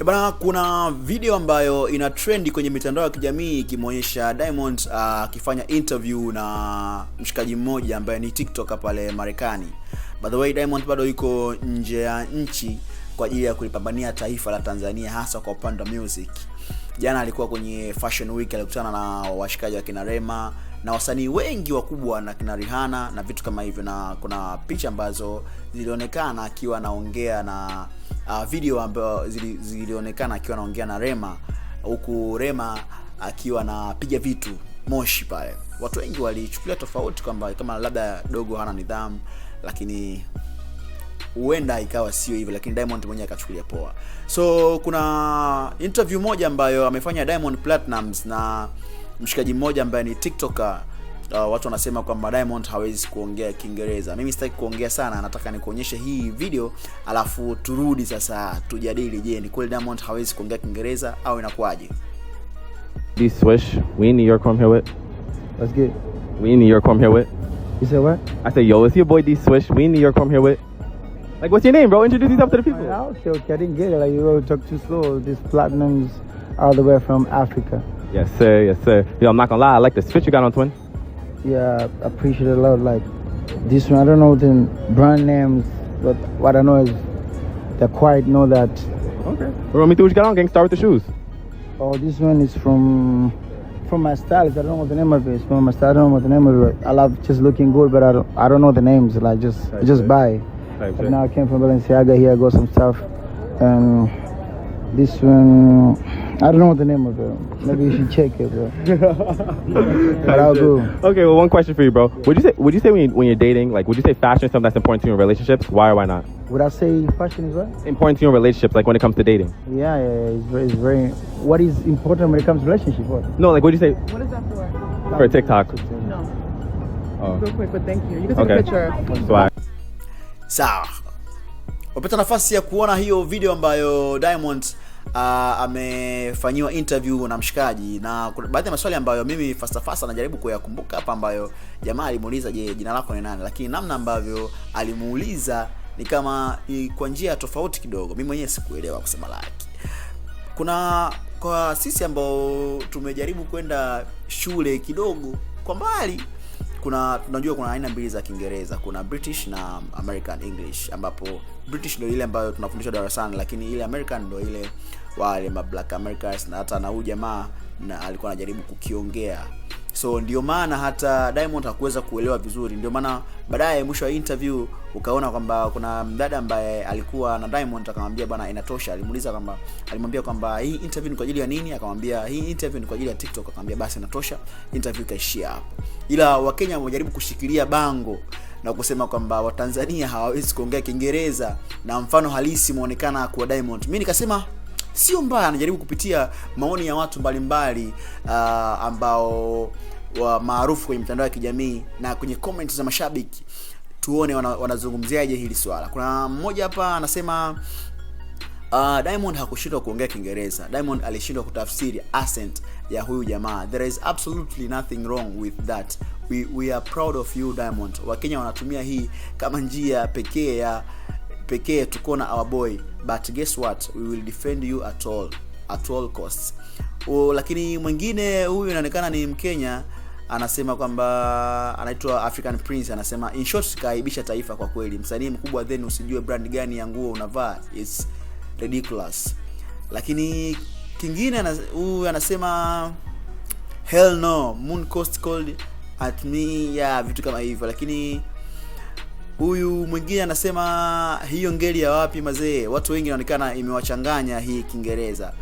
Eh, bana, kuna video ambayo ina trendi kwenye mitandao ya kijamii ikimwonyesha Diamond ah, akifanya uh, interview na mshikaji mmoja ambaye ni TikToker pale Marekani. By the way, Diamond bado yuko nje ya nchi kwa ajili ya kulipambania taifa la Tanzania hasa kwa upande wa music. Jana alikuwa kwenye Fashion Week, alikutana na washikaji wa kina Rema na wasanii wengi wakubwa na kina Rihanna na vitu kama hivyo, na kuna picha ambazo zilionekana akiwa anaongea na uh, video ambayo zilionekana akiwa anaongea na Rema huku Rema akiwa anapiga vitu moshi pale. Watu wengi walichukulia tofauti kwamba kama labda dogo hana nidhamu, lakini huenda ikawa sio hivyo, lakini Diamond mwenyewe akachukulia poa. So kuna interview moja ambayo amefanya Diamond platinums na mshikaji mmoja ambaye ni TikToker. Uh, watu wanasema kwamba Diamond hawezi kuongea Kiingereza. Mimi sitaki kuongea sana, nataka nikuonyeshe hii video alafu turudi sasa tujadili, je, ni kweli Diamond hawezi kuongea Kiingereza au inakuwaje? This swish, we in New York I'm here with. Let's get. We in New York I'm here with. You said what? I said yo, it's your boy D Swish. We in New York I'm here with. Like, what's your name, bro? Introduce yourself to the people. okay, I didn't get it. Like, you really talk too slow. This platinum's all the way from Africa. Yes, sir. Yes, sir. Yo, I'm not gonna lie. I like the switch you got on, twin. Yeah, I appreciate it a lot. Like, this one, I don't know the brand names, but what I know is the quiet know that. Okay. Run me through what you got on, gang. Start with the shoes. Oh, this one is from from my stylist. I don't know what the name of it is. From my style, I don't know what the name of it. I love just looking good, but I don't I don't know the names. Like, just just buy now I came from Balenciaga here. I got some stuff. Um, this one, I don't know what the name of it. Maybe you should check it, bro. but I'll go. Okay, well, one question for you, bro. Would you say would you say when you, when you're dating, like, would you say fashion is something that's important to you in relationships? Why or why not? Would I say fashion is what? Important to your relationships, like when it comes to dating. Yeah, yeah, yeah. It's, very, it's very. What is important when it comes to relationship? What? No, like, what do you say? What is that for? For TikTok. No. Oh. Real quick, but thank you. You can take okay. a picture. Swag. Sawa, wapata nafasi ya kuona hiyo video ambayo Diamond uh, amefanyiwa interview na mshikaji, na baadhi ya maswali ambayo mimi fasta fasta najaribu kuyakumbuka hapa, ambayo jamaa alimuuliza, je, jina lako ni nani? Lakini namna ambavyo alimuuliza ni kama kwa njia tofauti kidogo, mimi mwenyewe sikuelewa kusema laki. Kuna kwa sisi ambao tumejaribu kwenda shule kidogo kwa mbali kuna tunajua kuna aina mbili za Kiingereza, kuna British na American English, ambapo British ndio ile ambayo tunafundishwa darasani, lakini ile American ndio ile wale ma black Americans, na hata na huyu jamaa na alikuwa anajaribu kukiongea, so ndio maana hata Diamond hakuweza kuelewa vizuri, ndio maana baadaye mwisho wa interview ukaona kwamba kuna mdada ambaye alikuwa na Diamond akamwambia bwana inatosha. Alimuuliza kwamba alimwambia kwamba hii interview ni kwa ajili ya nini? Akamwambia hii interview ni kwa ajili ya TikTok. Akamwambia basi inatosha, interview ikaishia hapo. Ila Wakenya wamejaribu kushikilia bango na kusema kwamba Watanzania hawawezi kuongea Kiingereza na mfano halisi muonekana kwa Diamond. Mimi nikasema sio mbaya, anajaribu kupitia maoni ya watu mbalimbali mbali, uh, ambao wa maarufu kwenye mitandao ya kijamii na kwenye comments za mashabiki tuone wanazungumziaje wana hili swala. Kuna mmoja hapa anasema Uh, Diamond hakushindwa kuongea Kiingereza. Diamond alishindwa kutafsiri accent ya huyu jamaa. There is absolutely nothing wrong with that. We, we are proud of you Diamond. Wakenya wanatumia hii kama njia pekee ya pekee tukona our boy. But guess what? We will defend you at all at all costs. O, oh, lakini mwingine huyu inaonekana ni Mkenya anasema kwamba anaitwa African Prince, anasema in short, kaaibisha taifa kwa kweli, msanii mkubwa then usijue brand gani ya nguo unavaa, it's ridiculous. Lakini kingine huyu anasema hell no, moon coast cold at me, ya vitu kama hivyo, lakini Huyu mwingine anasema hiyo ngeli ya wapi mazee, watu wengi inaonekana imewachanganya hii Kiingereza.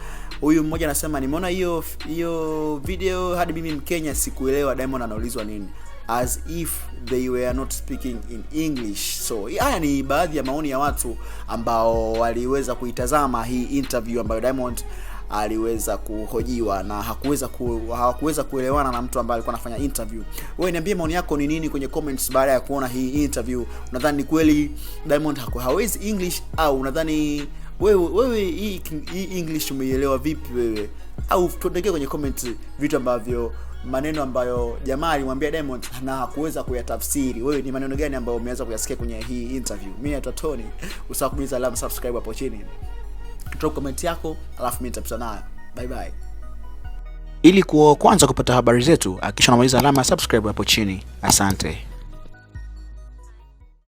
Huyu mmoja anasema nimeona hiyo hiyo video hadi mimi Mkenya sikuelewa Diamond anaulizwa nini, as if they were not speaking in English. So haya ni baadhi ya maoni ya watu ambao waliweza kuitazama hii interview ambayo Diamond aliweza kuhojiwa na hakuweza ku, hawakuweza kuelewana na mtu ambaye alikuwa anafanya interview. Wewe niambie maoni yako ni nini kwenye comments baada ya kuona hii interview. Unadhani ni kweli Diamond hako hawezi English au unadhani wewe wewe hii, hii English umeielewa vipi wewe? Au tuandikie kwenye comment vitu ambavyo maneno ambayo jamaa alimwambia Diamond na hakuweza kuyatafsiri. Wewe ni maneno gani ambayo umeweza kuyasikia kwenye hii interview? Mimi ni Tony, usahau kubonyeza alama subscribe hapo chini drop comment yako, alafu mimi nitapita nayo. Bye bye. Ili kuwa kwanza kupata habari zetu, hakikisha unamaliza alama ya subscribe hapo chini. Asante.